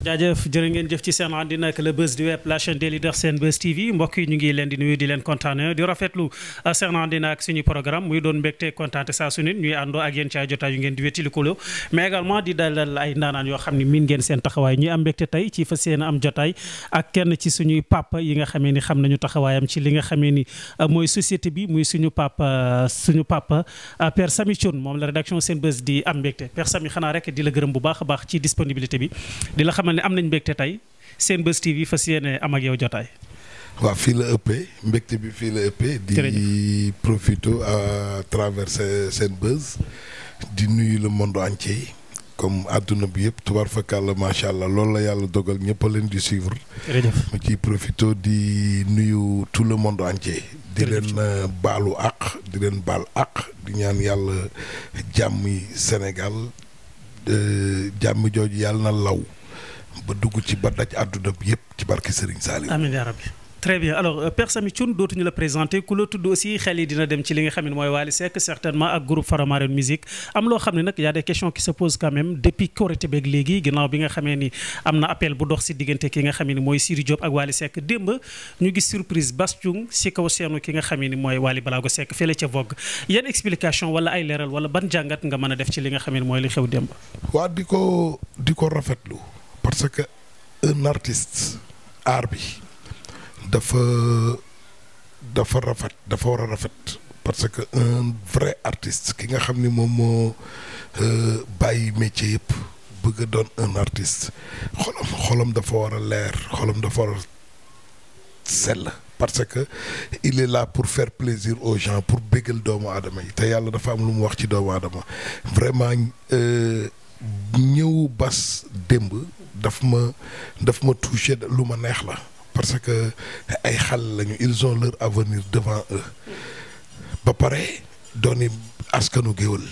jaajëf jërë ngeen jëf ci seen àndi nag le buzz du web la chaîne des leaders Senbuzz TV mbokk yi ñu ngi leen di nuyu di leen kontaane di rafetlu euh, seen àndi nag suñu programme muy doon mbégte kontaante saa su nit ñuy àndoo ak yéen ci ay jotaay yu ngeen di wétilikuloo mais également di dalal ay ndaanaan yoo xam ne miin ngeen seen taxawaay ñuy am mbégte tey ci fa seen am jotaay ak kenn ci suñuy papa yi nga xamee ni xam nañu taxawaayam ci li nga xamee ni euh, mooy société bi muy suñu papa euh, suñu papa Père Samy moom la rédaction Senbuzz di am mbégte Père Samy xanaa rek di la gërëm bu baax a baax ci disponibilité bi am nañ mbégte tey seen bés TV fas yéene am ak yow jotaay. waaw fii la ëppee mbégte bi fii la ëppee. di profito à travers seen bés di nuyu le monde entier. comme àdduna bi yëpp tubaar fakàlla macha allah loolu la yàlla dogal ñëpp a leen di suivre. mu ciy profito di nuyu tout le monde entier. di leen euh, baalu àq di leen baal àq di ñaan yàlla jàmmi Sénégal euh, jàmmi jooju yàlla na law. ba dugg ci ba daj àdduna bi yëpp ci barke Serigne très bien alors euh, Père Samy Thioune dootuñu la présenter ku la tudd aussi xel yi dina dem ci li nga xam ne mooy Wally Seck certainement ak groupe Faramareen musique am loo xam ne nag y a des questions qui se quand même depuis Korité beeg léegi ginnaaw bi nga xamee ni am na appel bu dox si diggante ki nga xam ne mooy Sidy Diop ak Wally Seck démb ñu gis surprise Bass si kaw seenu ki nga xam ni mooy Wally Balago Seck fële ca Vogue yan explication wala ay leeral wala ban jàngat nga mën a def ci li parce que un artiste art bi dafa dafa rafet dafa war a rafet parce que un vrai artiste ki nga xam ni moom moo euh, bàyyi métier yëpp bëgg a doon un artiste xolam dafa war a leer xolam dafa war a sell parce que il est là pour faire plaisir au gens pour béggal doomu aadama yi te yàlla dafa am lu mu wax ci doomu aadama vraiment euh, ñëw bas démb daf ma daf ma touché lu ma neex la parce que ay xal lañu ils ont leur avenir devant eux ba pare dooni askanu géwël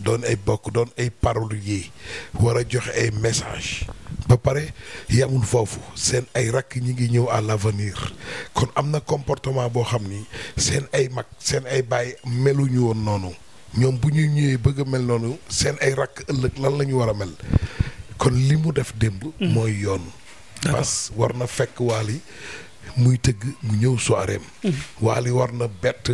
doon ay bokk doon ay paroles yi war a joxe ay message ba pare yamul foofu seen ay rakk ñi ngi ñëw àll l'avenir kon am na comportement boo xam ni seen ay mag seen ay baay meluñu woon noonu ñoom bu ñuy ñëwee bëgg a mel noonu seen ay rakk ëllëg lan la ñu war a mel kon li mu def démb. Hmm. mooy yoon. parce war na fekk Wally muy tëgg mu ñëw soiréem. Hmm. Wally war na bett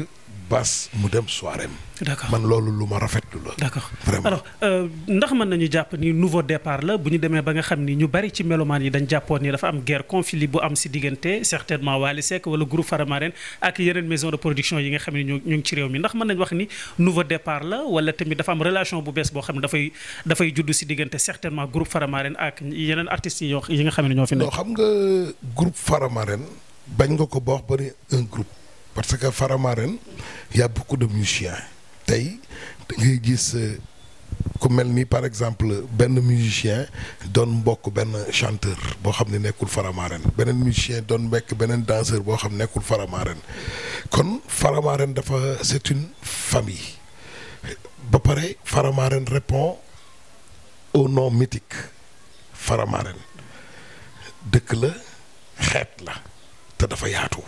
paas mu dem soirée d'accord man loolu lu ma rafetlu la. d'accord vraiment euh, ndax mën nañu jàpp ni nouveau départ la bu ñu demee ba nga xam ni ñu bari ci melomaan yi dañ jàppoon ni dafa am guerre conflit bu am si diggante certainement Wally Seck groupe Faramaren ak yeneen maison de production yi nga xam ne ñu ñu ngi ci réew mi ndax mën nañu wax ni nouveau départ la wala tamit dafa am relation bu bees boo xam ne dafay dafay judd si diggante certainement groupe parce que Faramaren yàpp a beaucoup de musiciens tey da gis euh, ku mel ni par exemple benn musicien doon mbokk benn chanteur boo xam ne nekkul Faramaren beneen musicien doon mbekk beneen danseur boo xam nekkul Faramaren kon Faramaren dafa c'est une famille ba pare Faramaren répond au nom mythique Faramaren dëkk la xeet la te dafa yaatu.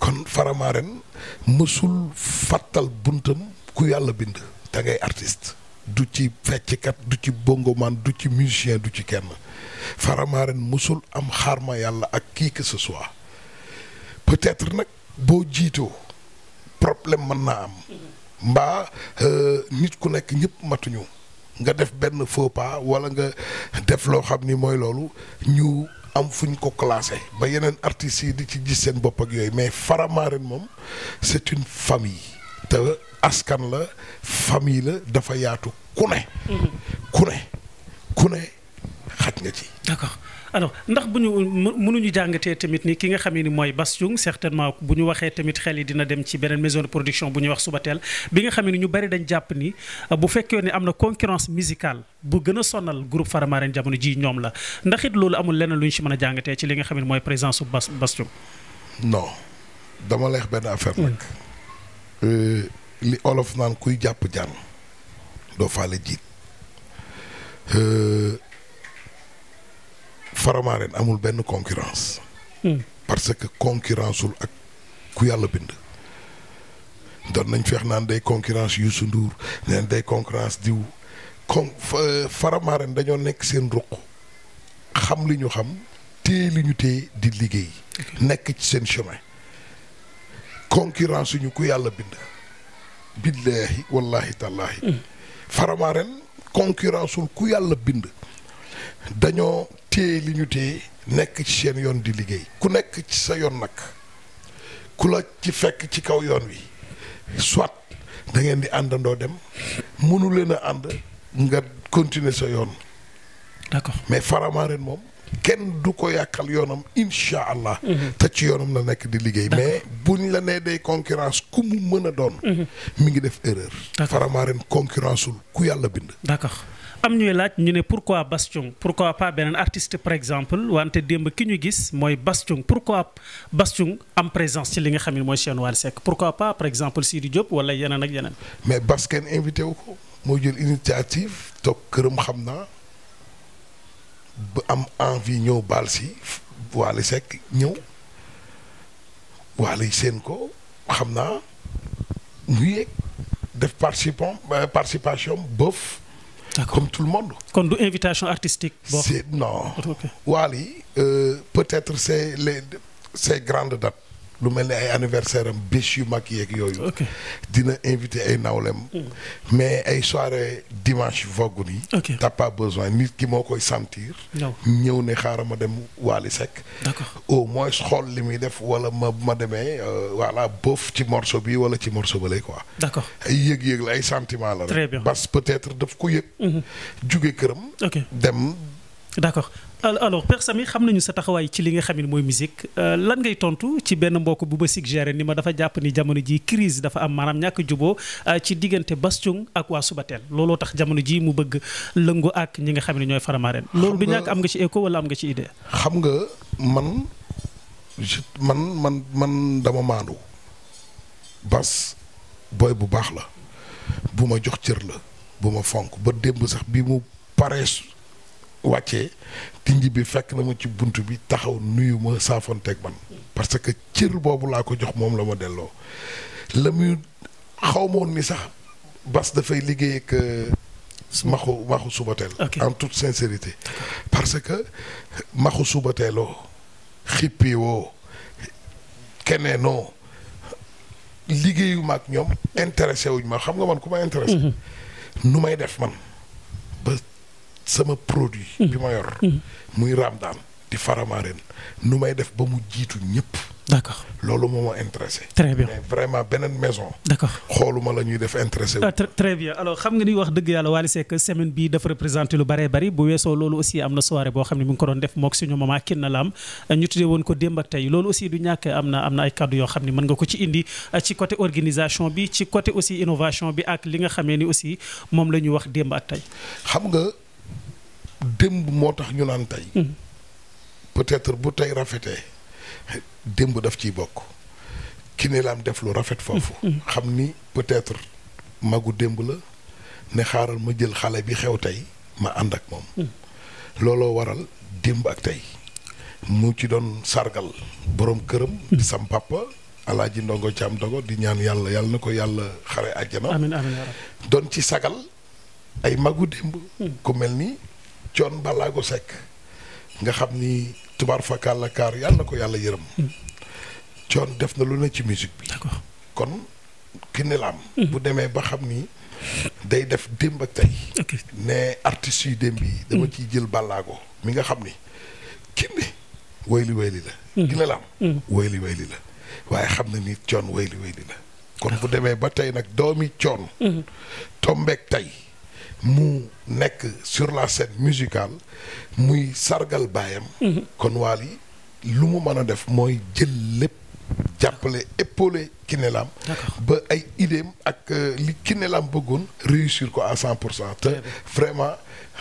kon Faramaren mësul fàttal buntam ku yàlla bind te ngay artist du ci fecckat du ci bongoman du ci musicien du ci kenn Faramaren mësul am xaarma yàlla ak kii que ce soit peut-être nag boo jiitoo problème mën naa am mbaa euh, nit ku nekk ñëpp matuñu nga def benn foopa pas wala nga def loo xam ni mooy loolu ñu am fu ko classé ba yeneen artistes yi di ci gis seen bopp ak yooyu mais Faramareen moom c'est une famille te askan la famille la dafa yaatu ku ne mhm. ku xaj nga ci d'accord alors ndax bu ñu mënuñu jàngatee tamit ni ki nga xam ni mooy Bass Thioung certainement bu ñu waxee tamit xel yi dina dem ci beneen maison de production bu ñuy wax Subatel bi nga xam ni ñu bari dañ jàpp ni euh, bu fekkee ne am na concurrence musicale bu gën a sonal groupe Faramaren jamono ji ñoom la ndax it loolu amul leneen lu ñu si mën a jàngatee ci li nga xam ni mooy présence su Bass Bass Thioung non dama leex benn affaire nag. Mm. Euh, li olof naan kuy jàpp jaan doo faale jiit euh, Faramareen amul benn concurrence hmm. parce que concurrence wul ak ku yàlla bind doon nañ feex naan day concurrence yu Ndour neen day concurrence diw comme Faramareen dañoo nekk seen ruq xam li ñu xam téye li ñu téye di liggéey nekk ci seen chemin concurrence suñu ku yàlla bind billaahi wallaahi tallaahi hmm. Faramareen concurrence ku yàlla bind dañoo téye li ñu téye nekk ci seen yoon di liggéey ku nekk ci sa yoon nag ku la ci fekk ci kaw yoon wi soit da ngeen di àndandoo dem mënu leen a ànd nga continuer sa yoon. d'accord mais Faramareen moom kenn du ko yàqal yoonam incha allah. Mhm. te ci yoonam la nekk di liggéey. mais buñ la nee day concurrence ku mu mën a doon. Mhm. mi ngi def erreur. Faramareen concurrence ul ku yàlla bind. d'accord am ñuy laaj ñu ne pourquoi Bass-Thioung pourquoi pas beneen artiste par exemple wante démb ki ñu gis mooy bastion thioung pourquoi bass am présence ci li nga xam ne mooy seen Wally sekk pourquoi pas par exemple di Diop wala yeneen ak yeneen. mais Bass kenn invité ko moo jël initiative toog këram xam naa ba am envie ñëw baal si Wally Seck ñëw Wally seen ko xam naa mu yéeg def participant euh, participation bëf. comme tout le monde. kon du invitation artistique. bon non. ok Wally euh, peut-être c'est les ces grandes dates. lu mel ni ay anniversaire am bés yu mag yeeg yooyu. dina invité ay nawlem. Hmm. mais ay soirée dimanche vogue nii. ok besoin nit ki moo koy sentir. ñëw ne xaaral ma dem Waly Seck. d'accord au moins xool li muy def wala ma ma demee euh, voilà bëf ci morso bi wala ci morso morceau bële quoi. d'accord ay yëg-yëg la ay sentiment la rek. très peut-être daf ko yëg. Mhm. jóge këram. dem d'accord. alors Père Samy xam nañu sa taxawaay ci li nga xam ne mooy musique euh, lan ngay tontu ci benn mbokk bu ma suggéré ni ma dafa jàpp ni jamono ji crise dafa am maanaam ñàkk juboo euh, ci diggante Bass Thioung ak waa teel looloo tax jamono ji mu bëgg lëngu ak ñi nga xam ne ñooy Faramareen loolu du ñàkk am nga ci écho wala am nga ci idée xam nga man man man man dama maandu Bass booy bu baax la bu ma jox cër la bu ma fonk ba démb sax bi mu paree wàccee tindi bi fekk na ma ci bunt bi taxaw nuyu ma saafonteeg man parce que cër boobu laa ko jox moom la ma delloo la muy xaw ma woon ni sax bas dafay liggéey ak euh, maxu maxu subateel en toute sincérité parce que maxu teeloo xippiwoo keneenoo liggéeyu maak ñoom intéressé wuñ ma xam nga man ku ma intéressé mm-hmm. nu may def man sama produit. Hmm. bi ma yor. Hmm. muy Ramadaan di Faramareen nu may def ba mu jiitu ñëpp. d'accord loolu moo ma intéressé. très bien mais vraiment beneen maison. d'accord xooluma la ñuy def intéressé. Ah, très bien alors nga ni wax dëgg yàlla Wally semaine bii dafa représenté lu bëree bëri bu weesoo loolu aussi am na soirée boo xam ne mu ngi ko doon def moog suñu maman kin na la am ñu tuddee woon ko démb ak tey loolu aussi du ñàkk am na am na ay kaddu yoo xam ne mën nga ko ci indi ah, ci côté organisation bi ci coté aussi innovation bi ak li nga xamee ni aussi moom la ñu wax démb ak tey. xam nga. démb moo tax ñu naan tey. Hmm. peut-être bu tey rafetee démb daf ciy bokk. ki ne laam def lu rafet foofu. Hmm. Hmm. xam ni peut-être magu démb la ne xaaral ma jël xale bi xew tey ma ànd ak moom. looloo waral démb ak tey mu ci doon sargal boroom këram. di sam papa alaaji ndongo caam dogo di ñaan yàlla yàlla na ko yàlla xare àjjana. amiin amiin doon ci sagal ay magu démb. ku mel nii coon balaago sekk nga xam ni tubaar fakal la kaar yàlla na ko yàlla yërëm coon mm. def na lu ne ci musique bi kon ki mm-hmm. bu demee ba xam ni day def démb ak tey ne artistes yu démb yi dama mm. ciy jël balaago mi nga xam ni kinne wayli wayli la mm. ki ni la wayli wayli la waaye xam na ni coon wayli wayli la kon bu demee ba tey nag doomi coon mm-hmm. tombeek tey mu nekk sur la scène musicale muy sargal baayam mhm. kon Wally lu mu mën a def mooy jël lépp jàppale épaulé Kiné Lam ba ay idéem ak euh, li Kiné Lam bëggoon réussir ko à cent pour cent te vraiment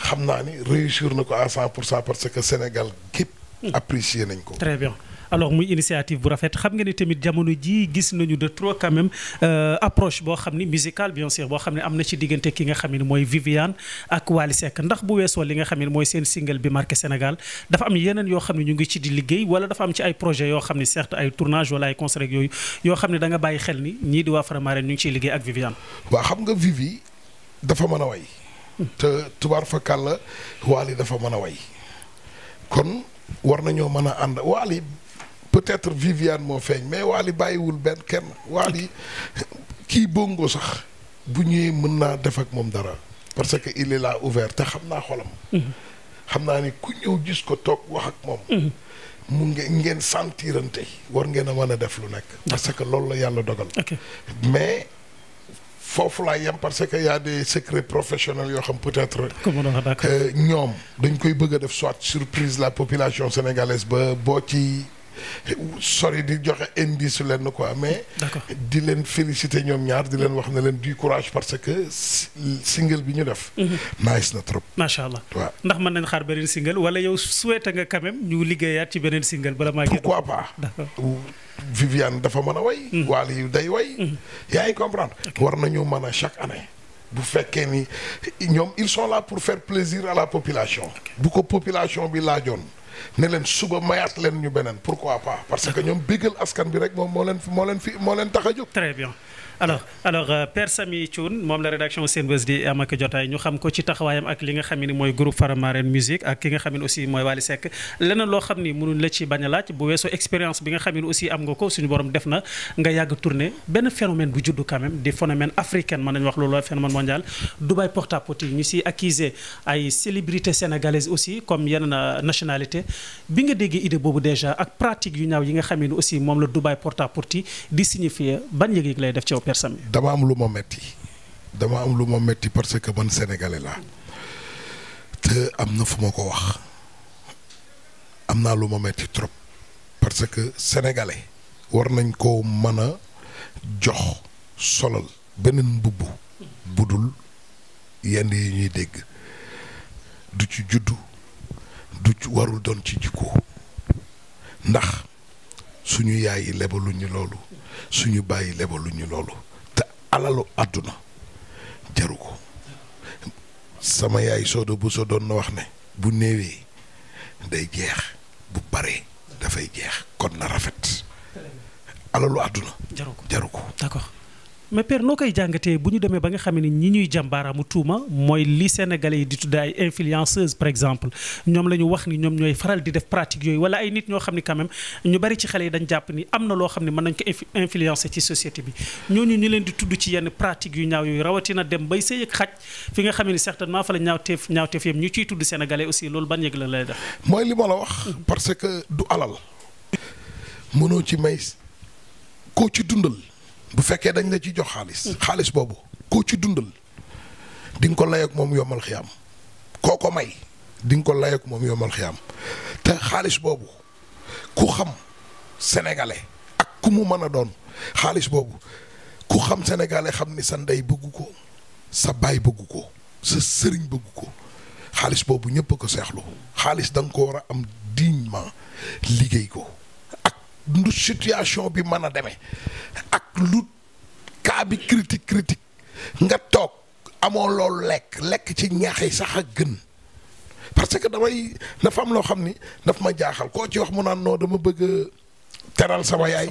xam naa ni réussir na ko à cent pour cent parce que Sénégal gépp mhm. apprécier nañ ko très bien alors muy initiative bu rafet xam nga ni tamit jamono jii gis nañu de trop quand même euh, approche boo xam ni musicale bien sûr boo xam ne am na ci diggante ki nga xam ne mooy Viviane ak Wally Seck ndax bu weesoo li nga xam ne mooy seen single bi marqué Sénégal dafa am yeneen yoo xam ne ñu ngi ci di liggéey wala dafa am ci ay projet yoo xam ne certes ay tournage wala ay concert yooyu yoo xam ne danga nga bàyyi xel ni ñii di waa Faramaren ñu ngi ciy liggéey ak xam nga Vivi dafa mën a way. Hmm. te tubaar fa kàlla Wally dafa mën a way kon mën ànd Wally peut Viviane moo feeñ mais Wally bàyyiwul benn kenn Wally kii bongo sax bu ñuy mën naa def ak moom dara parce que il est là ouvert te xam naa xolam. Mhm. xam naa ni ku ñëw gis ko toog wax ak moom. Mhm. mu ngeen ngeen sentirante war ngeen a mën a def lu nekk. parce que loolu la yàlla dogal. mais foofu laa yem parce que y a des secrets professionnels yoo xam peut-être. Euh, ñoom dañ koy bëgg a def soit surprise la population sénégalaise ba boo ci. sori di joxe indice leen ko amee mais. di leen féliciter ñoom ñaar di leen wax na leen du courage parce que single bi ñu def. Mhm. nice na trop. macha allah waaw ndax mën nañ xaar beneen single wala yow souhaité nga quand même ñu liggéeyaat ci beneen single bala maa. pourquoi pas Viviane dafa mën a way. Mhm. waal yu day way. Mhm. yaa ngi comprendre war nañu mën a chaque année. bu fekkee ni ñoom ils sont la pour faire plaisir à la population. bu ko population bi laajoon. ne leen suba mayaat leen ñu beneen pourquoi pas parce que ñoom bégal askan bi rek moom moo leen moo leen fi moo leen tax a jóg. alors alors euh, Père Samy Thioune moom la rédaction Senbuzz di am ak jotaay ñu xam ko ci taxawaayam ak li nga xam ne mooy groupe Faramaren musique ak ki nga xam ne aussi mooy Wally Seck leneen loo xam ni mënuñ la ci bañ a laaj bu weesoo expérience bi nga xam ne aussi am nga ko suñu borom def na nga yàgg tourné benn phénomène bu juddu quand même di phénomène africain mën nañu wax loolu phénomène mondial Dubaï porte à porte ñu comme yenn nationalité bi nga déggee idée boobu déjà ak pratique yu ñaaw yi nga xam ne aussi moom la Dubaï porte à porte di signifier ban yëg-yëg lay def ci Père dama am lu ma metti dama am lu ma metti parce que man sénégalais te am na fu ma ko wax am naa lu ma metti trop parce que sénégalais war nañ koo mën a jox solal beneen mbubb budul yenn yi ñuy dégg du ci juddu du ci warul doon ci jikko ndax suñu yaay yi lebaluñu loolu suñu bàyyi lebaluñu loolu te alalu àdduna jaru ko sama yaay soodo bu so doon na wax ne bu néewee day jeex bu bare dafay jeex kon na rafet alalu àdduna jaru ko jaru ko mais père noo koy jàngatee bu ñu demee ba nga xam ne ñi ñuy jàmbaaraamu tuuma mooy li Sénégalais yi di tuddee ay influenceuse par exemple ñoom la ñu wax ni ñoom ñooy faral di def pratique yooyu wala ay nit ñoo xam ni quand même ñu bari ci xale yi dañ jàpp ni am na loo xam ne mën nañ ko influencer ci société bi ñooñu ñu leen di tudd ci yenn pratique yu ñaaw yooyu rawatina dem bay sëy ak xaj fi nga xam ne certainement fa la ñaawteef ñaawteef yam ñu ciy tudd Sénégalais aussi loolu ban yëg la lay def. mooy li ma la que du alal. ci may ci dundal. bu fekkee dañ la ci jox xaalis. xaalis boobu koo ci dundal di ko layoog moom yomal am koo ko may di nga ko layoog moom yomal am te xaalis boobu ku xam sénégalais ak ku mu mën a doon xaalis boobu ku xam sénégalais xam ni sa ndey bëgg ko sa baay bëggu ko sa sëriñ bëgg ko xaalis boobu ñëpp a ko seexlu xaalis da nga ko war a am dignement liggéey ko. lu situation bi mën a deme ak lu cas bi critique nga toog amoo loolu lekk lekk ci ñaax yi sax a gën parce que damay dafa am loo xam ni daf ma jaaxal koo ci wax mu naan non dama bëgg teral sama yaay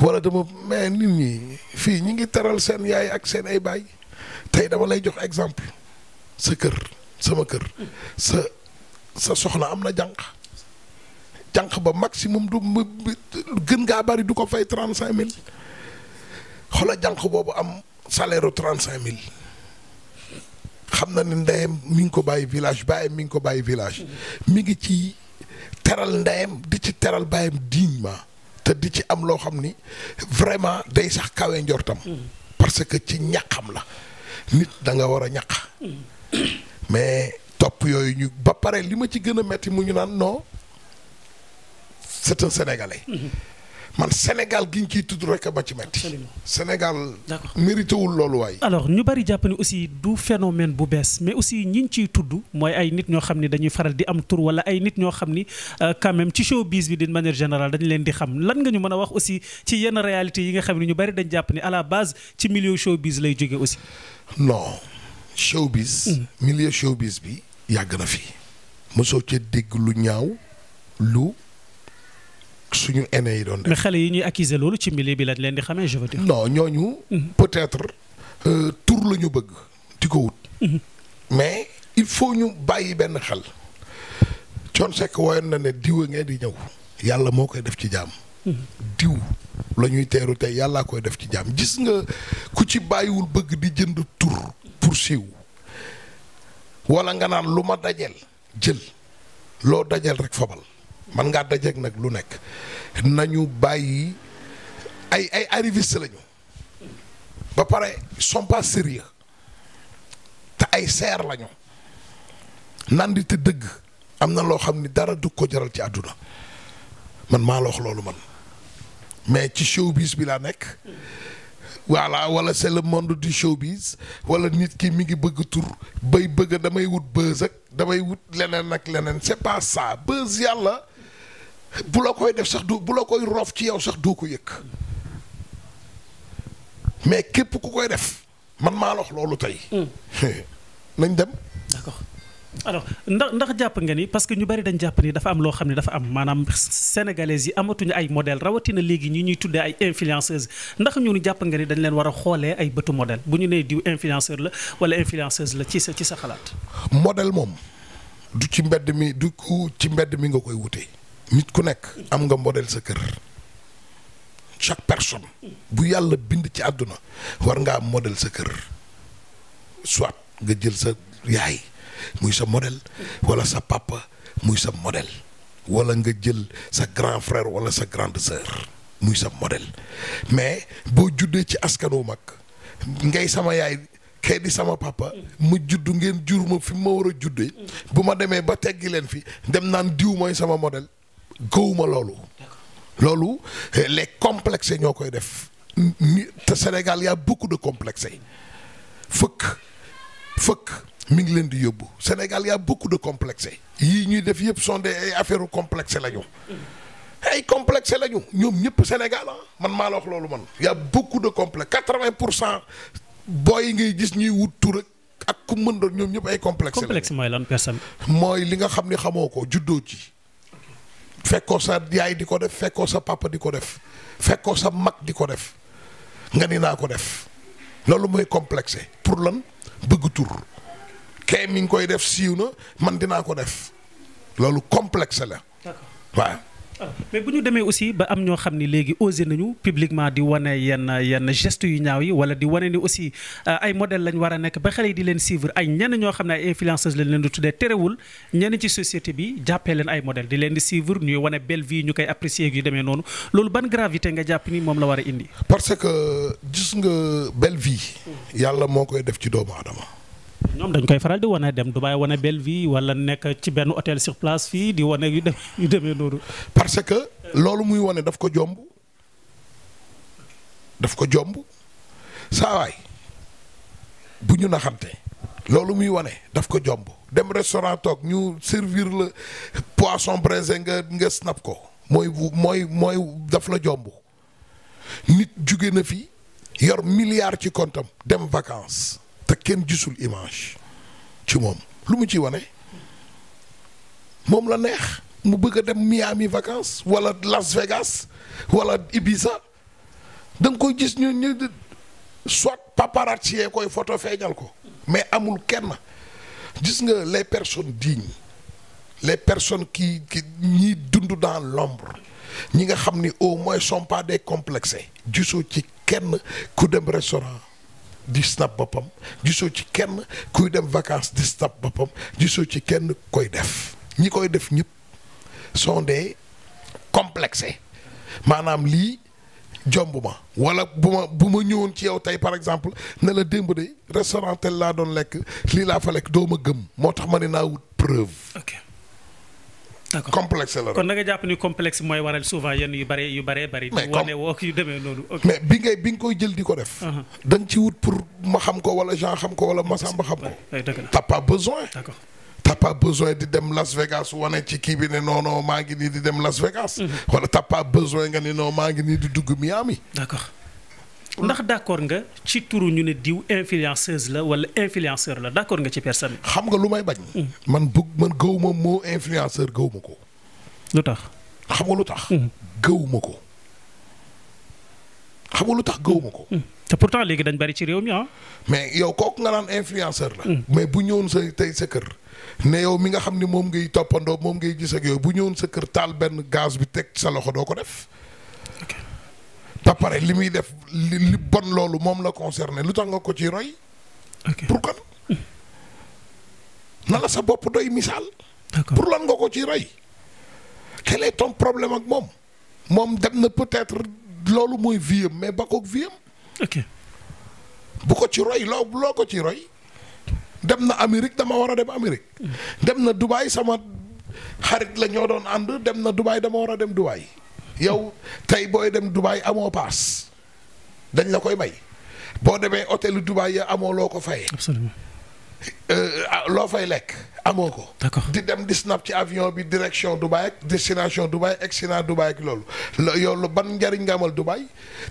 wala dama mais nit ñi fii ñi ngi teral seen yaay ak seen ay baay tey dama lay jox exemple sa kër sama kër sa sa soxla am na jànq jànq ba maximum du gën ngaa bari du ko fay trente cinq mille xoola jànq boobu am salaire trent cinq mille xam na ne ndeyam mi ngi ko bàyyi village bàyyam mi ngi ko bàyyi village mi ngi ci teral ndeyam di ci teral bàyyam dignement te di ci am loo xam ni vraiment day sax kawe njortam parce que ci ñàqam la nit da nga war a ñaq mm. mais topp yooyu ñu ba pare li ma ci gën a metti mu ñu naan non c'est un sénégalais. Mhm. man Sénégal gi ñu ciy tudd rek ba ci metti Sénégal. d'accord mérité wul loolu waaye alors ñu bari jàpp ne aussi du phénomène bu bees mais aussi ñi ñu ciy tudd mooy ay nit ñoo xam ni dañuy faral di am tur wala ay nit ñoo xam ni euh, quand même ci showbiz bi d'une manière générale dañu leen di xam lan nga ñu mën a wax aussi ci yenn réalité yi nga xam ne ñu bari dañ jàpp ni à la base ci milieu bis lay jóge aussi. non showbiz. Mm. milieu showbiz bi yàgg na fi. mosoo ca dégg lu ñaaw lu. suñu aîné yi doon def. mais xale yi ñuy accuser loolu ci milieu bi lañ leen di xamee je veux dire. ñooñu. Mhm. peut-être euh, tur la ñu bëgg di ko wut. Mhm. mais il faut ñu bàyyi benn xel. Thione Seck woyoon na ne a ngeen di ñëw. yàlla moo koy def ci jaam. Mhm. diw la ñuy teeru tey yàllaa koy def ci jaam gis nga ku ci bàyyiwul bëgg di jënd tur pour siiw wala nga naan lu ma dajeel jël loo dajeel rek fabal. man ngaa dajeeg nag lu nekk nañu bàyyi ay ay arriviste lañu ba pare sont sérieux te ay seer lañu nandi te dëgg am na loo xam ni dara du ko jaral ci àdduna man maa la loolu man mais ci showbiz bi laa nekk voilà wala c'est le monde du showbiz wala nit ki mi ngi bëgg tur bay bëgg damay wut buzz ak damay wut leneen ak leneen c'est pas ça buzz yàlla. bu la koy def sax du bu la koy roof ci yow sax du ko yëg mais képp ku koy def man maa lox loolu tey. Hmm. nañ dem. d'accord ndax ndax jàpp nga ni parce que ñu bari dañ jàpp ni dafa am loo xam ne dafa am maanaam sénégalaises yi amatuñu ay modèle rawatina léegi ñi ñuy tuddee ay influenceuse ndax ñun jàpp nga ni dañ leen war a xoolee ay bëtu modèle bu ñu nee diw influenceur la wala influenceuse la ci sa ci sa xalaat. modèle moom du ci mbedd mi du ci mbedd mi nga koy wutee. nit ku nekk am nga modèle sa kër chaque personne bu yàlla bind ci àdduna war nga am modèle sa kër soit nga jël sa yaay muy sa modèle wala sa papa muy sa model wala nga jël sa grand frère wala sa grande sœur muy sa modèle mais boo juddee ci askan wu mag ngay sama yaay kay di sama papa mu juddu ngeen jur ma fi ma war a judde bu ma demee ba teggi leen fi dem naan diw mooy sama modèle gëwuma loolu. loolu eh, les complexés ñoo koy def te Sénégal y a beaucoup de complexés fëkk fëkk mi ngi leen di yóbbu Sénégal y a beaucoup de complexés yii ñuy def yëpp sonde des ay affaires ay complexé la ñu ñoom ñëpp Sénégal ah. man maa la wax loolu man y' a beaucoup de complexe quatre pour cent booy yi ngay gis ñuy wut rek ak ku mën doon ñoom ñëpp ay. complexe la complexe mooy lan personne. mooy li nga xam ni xamoo ko juddoo ci. fekkoo sa yaay di ko def fekkoo sa papa di ko def fekkoo sa mag di ko def nga ni naa ko def loolu mooy complexe pour lan bëgg tur kay mi ngi koy def siiw na man dinaa ko def loolu complexe la waaw mais bu ñu demee aussi ba am ñoo xam ni léegi osé nañu publiquement di wane yenn yenn gestes yu ñaaw yi wala di wane ni aussi euh, ay modèle lañ war a nekk ba xale yi di leen suivre ay ñenn ñoo xam ne ay influenceuse lañ leen di tuddee terewul ñenn ci société bi jàppee leen ay modèle di leen di suivre ñuy wane belle vie ñu koy apprécier yu demee noonu loolu ban gravité nga jàpp ni moom la war a indi. parce que gis nga belle vie. Hmm. yàlla moo koy def ci doomu aadama. ñoom dañ koy faral di wane dem Dubaï wane belle vie wala nekk ci benn hôtel sur place fii di wane yu demee yu demee noonu. parce que loolu muy wane daf ko jomb daf ko jomb saa waay bu ñu naxante loolu muy wane daf ko jomb dem restaurant toog ñu servir la poisson braisé nga nga snap ko mooy mooy mooy daf la jomb nit jóge na fi yor milliard ci kontam dem vacances. te kenn gisul image ci moom lu mu ci wane moom la neex mu bëgg a dem Miami vacances wala Las Vegas wala Ibiza da nga koy gis ñu ñu soit paparazzi yee koy photo feeñal ko mais amul kenn gis nga les personne dignes les personnes qui qui ñiy dund dans l'ombre ñi nga xam ni au moins sont pas des complexés gisoo ci kenn ku dem restaurant di snap boppam gisoo ci kenn kuy dem vacances di boppam gisoo ci kenn koy def ñi koy def ñëpp sont des complexés maanaam lii jomb ma wala bu ma bu ma ñëwoon ci yow tey par exemple ne la démb de restaurant tel laa doon lekk lii laa fa lekk doo ma gëm moo tax ma ne naa wut preuve. d'accord complexe la kon da nga jàpp ni complexe mooy waral souvent yenn yu bare yu bare bari. mais wane woo yu demee noonu. mais bi ngay bi nga koy jël di ko def. Uh-huh. da ci wut pour ma xam ko wala Jean xam ko wala Massamba xam ko. t'as pas besoin. d'accord. t'as pas besoin di dem Las Vegas wane ci kii bi ne non non maa ngi nii di dem Las Vegas. Mm-hmm. wala t'as pas besoin nga ni non maa ngi nii di dugg Miami. ndax d'accord nga ci turu ñu ne diw influenceuse la wala influenceur la d'accord nga ci personne xam nga lu may bañ. Hmm. man bëgg man gëw ma moo influenceur gëw ma ko. lu tax. xam nga lu tax. Hmm. gëw ko. xam lu tax gëw ma ko. Hmm. te pourtant léegi dañ bari ci réew mi ah. mais yow kooku nga naan influenceur la. mais bu ñëwoon sa tey sa kër. ne yow mi nga xam ni moom ngay toppandoo moom ngay gis ak yooyu bu ñëwoon sa kër taal benn gaz bi teg sa loxo doo ko def. pare li muy def li bon loolu moom la concerné lu tax nga ko ci roy. pour kan na la sa bopp doy misaal. pour lan nga ko ci roy. quel est ton problème ak moom moom dem na peut-être loolu mooy viam mais ba koog viam. bu ko ci roy loo loo ko ci roy. dem na Amérique dama war a dem Amérique. Mm. dem na Dubaï sama xarit la ñoo doon ànd dem na Dubaï dama war a dem Dubaï. yow tey booy dem Dubaay amoo paas dañ la koy may boo demee hôtelu Dubaay ya amoo loo ko fayee. absolument. Euh, ah, loo fay lekk amoo ko. d'accord di dem di snap ci avion bi direction Dubaay ak destination Dubaay accident Dubaay ak loolu. la yow lu ban njariñ nga amal Dubaay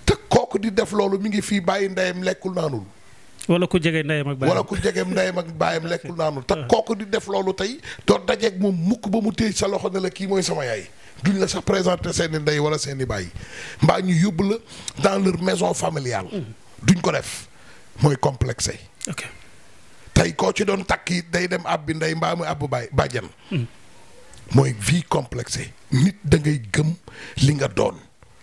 te kooku di def loolu mu ngi fii bàyyi ndeyam lekkul naanul. wala ku jege ndeyam ak baayam wala ku jege ndeyam ak baayam lekkul naanul. te kooku di def loolu tey doo dajeeg moom mukk ba mu téye sa loxo ne kii mooy sama yaay. duñ la sax présenter seeni ndey wala seeni bàyyi mbaa ñu yóbbu la dans leur maison familiale. duñ ko def mooy complexé. tey koo ci doon takk yi day dem ab bi ndey mbaa mu abbu baay bàjjan hmm. mooy vie complexée nit da ngay gëm li nga doon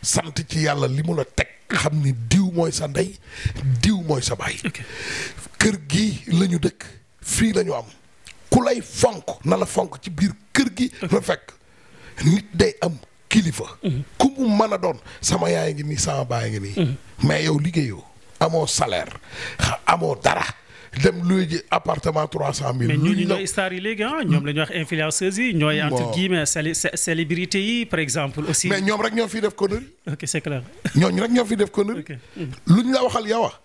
sant ci yàlla li mu la teg xam ni diw mooy sa ndey diw mooy sa baay. kër gi la ñu dëkk fii la am ku lay fonk na la fonk ci biir kër gi. la fekk nit day am kilifa. Mhm. ku mu mën a doon sama yaay ngi nii sama baay ngi nii. Mhm. mais yow liggéeyoo amoo salaire amoo dara. dem luy ji appartement trois cent mille. mais ñooñu ñooy star yi léegi ah, ñoom la ñuy wax influenceuses yi. ñooy entre guillemets célébrité yi par exemple. aussi mais ñoom rek ñoo fi def connerie. ok c'est clair. ñooñu rek ñoo fi def connerie. luñ la waxal yow ah.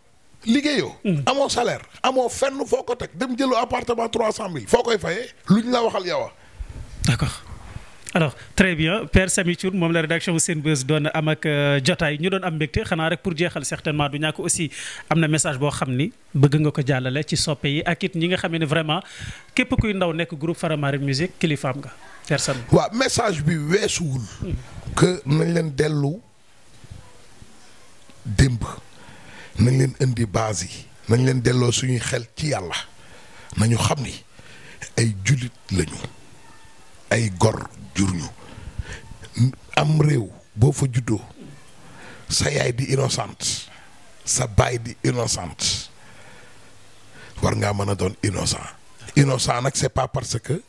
liggéeyoo. Mm. amoo salaire amoo fenn foo ko teg dem jëlu appartement trois cent mille. foo koy fayee luñ la waxal yow alors très bien per Samy Thioune moom la rédaction bu Senbuzz doon am ak euh, jotaay ñu doon am mbégte xanaa rek pour jeexal certainement du ñàkk aussi am na message boo xam ni bëgg nga ko jàllale ci soppe yi ak it ñi nga xamee ne vraiment képp kuy ndaw nekk groupe Faramaren Musique kilifaam nga Père Samy. waaw message bi weesuwul. que nañ leen dellu démb nañ leen indi base yi nañ leen delloo suñuy xel ci yàlla nañu xam ni ay jullit lañu. ay gor jur ñu am réew boo fa juddoo sa yaay di innocente sa baay di innocente war nga mën a doon innocent innocent nag c'est pas parce que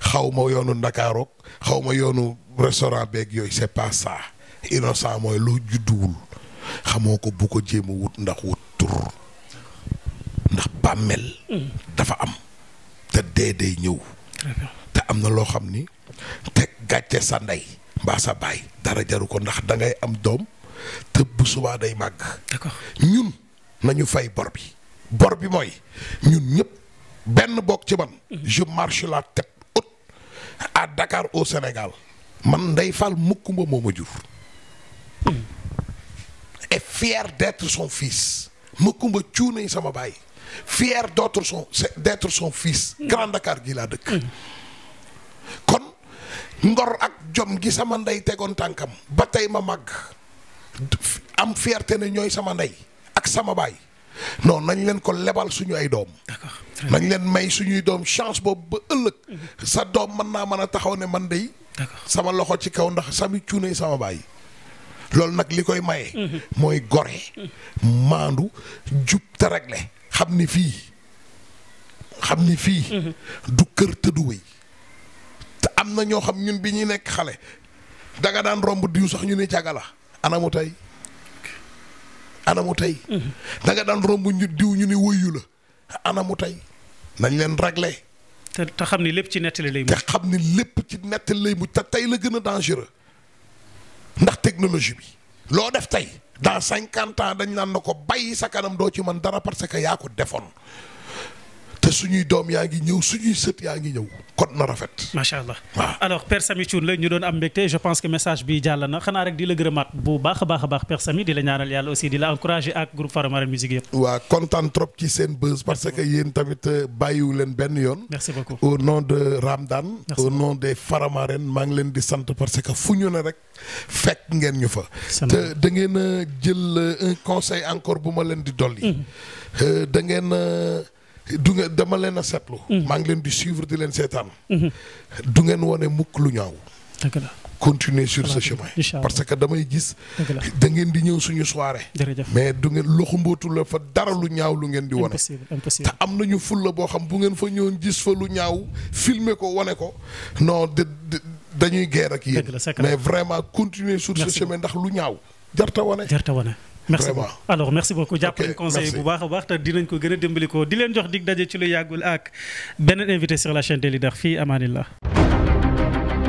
xaw ma yoonu ndakaaroog xaw ma yoonu restaurant beeg yooyu c'est pas ça innocent mooy loo judduwul xamoo ko bu ko jéem wut ndax wut tur ndax bàmmeel mm. dafa am te dee day ñëw te am na loo xam ni teg gàcce sa ndey mbaa sa baay dara jaru ko ndax dangay am doom te subaa day màgg. d'accord ñun nañu fay bor bi. bor bi mooy ñun ñëpp benn bokk ci man. Mhm. je marche la tête haute Dakar au Sénégal. man Ndeye Fall Mukumba moo ma jur. Mhm. et fier d'être son fils. Mukumba cuune sama baay. fier d'être son d'être fils. Mhm. Grand Dakar gi laa dëkk. ngor ak jom gi sama ndey tegoon tànkam ba tey ma màgg am feerte ne ñooy sama ndey ak sama baay noonu nañ leen ko lebal suñu ay doom nañ leen may suñuy doom chance boobu ba ëllëg mhm. sa doom mën naa mën a taxaw ne man dey sama loxo ci kaw ndax sami cuune sama baay loolu nag li koy maye mhm. mooy gore mhm. maandu jub te regle xam ni fii xam ni fii du kër tëdduwee am na ñoo xam ñun bi ñuy nekk xale danga daan romb diw sax ñu ne caga la anamu tey anamu tey mm-hmm. danga daan romb ñu diw ñu ne wëyu la anamu tey nañ leen ragle te te xam ni lépp ci nettali lay mujj te xam ni lépp ci nettali lay mujj te tey la gën a dangereux ndax technologie bi loo def tey dans cinquante ans dañ naan na ko bàyyi sa kanam doo ci mën dara parce que yaa ko defoon te suñuy doom yaa ngi ñëw suñuy sët yaa ngi ñëw kon na rafet. macha allah waaw alors Père Samy Thioune la ñu doon am mbégte je pense que message bi jàll na xanaa rek di la gërëmaat bu baax a baax a baax Père Samy di la ñaanal yàlla aussi di la encouragé ak groupe seen buzz parce que yéen tamit euh, bàyyiwu leen benn yoon. merci beaucoup au nom de Ramdan. au nom des Faramaren maa ngi leen di sant parce que fu ñu ne rek fekk ngeen ñu fa. te da ngeen a euh, jël euh, un conseil encore bu ma leen di dolli. Mm-hmm. da du ngeen dama leen a seetlu. Mhm. maa ngi leen di suivre di leen seetaan. Mhm. du ngeen wane mukk lu ñaaw. dëgg la continuer sur ce chemin. parce que damay gis. da ngeen di ñëw suñu soirée. mais du ngeen loxo mbootu la fa dara lu ñaaw lu ngeen di wane. te am nañu ful la boo xam bu ngeen fa ñëwoon gis fa lu ñaaw filmer ko wane ko non de dañuy guerre ak yéen. mais vraiment continuer sur ce chemin ndax lu ñaaw jarta wane. jarta wane. merci beaucoup alors merci beaucoup jàppale conseil bu baax a baax te dinañ ko gën a dimbali ko di leen jox dig daje ci lu yàggul ak beneen invité sur la chaîne des leaders fii amaanillah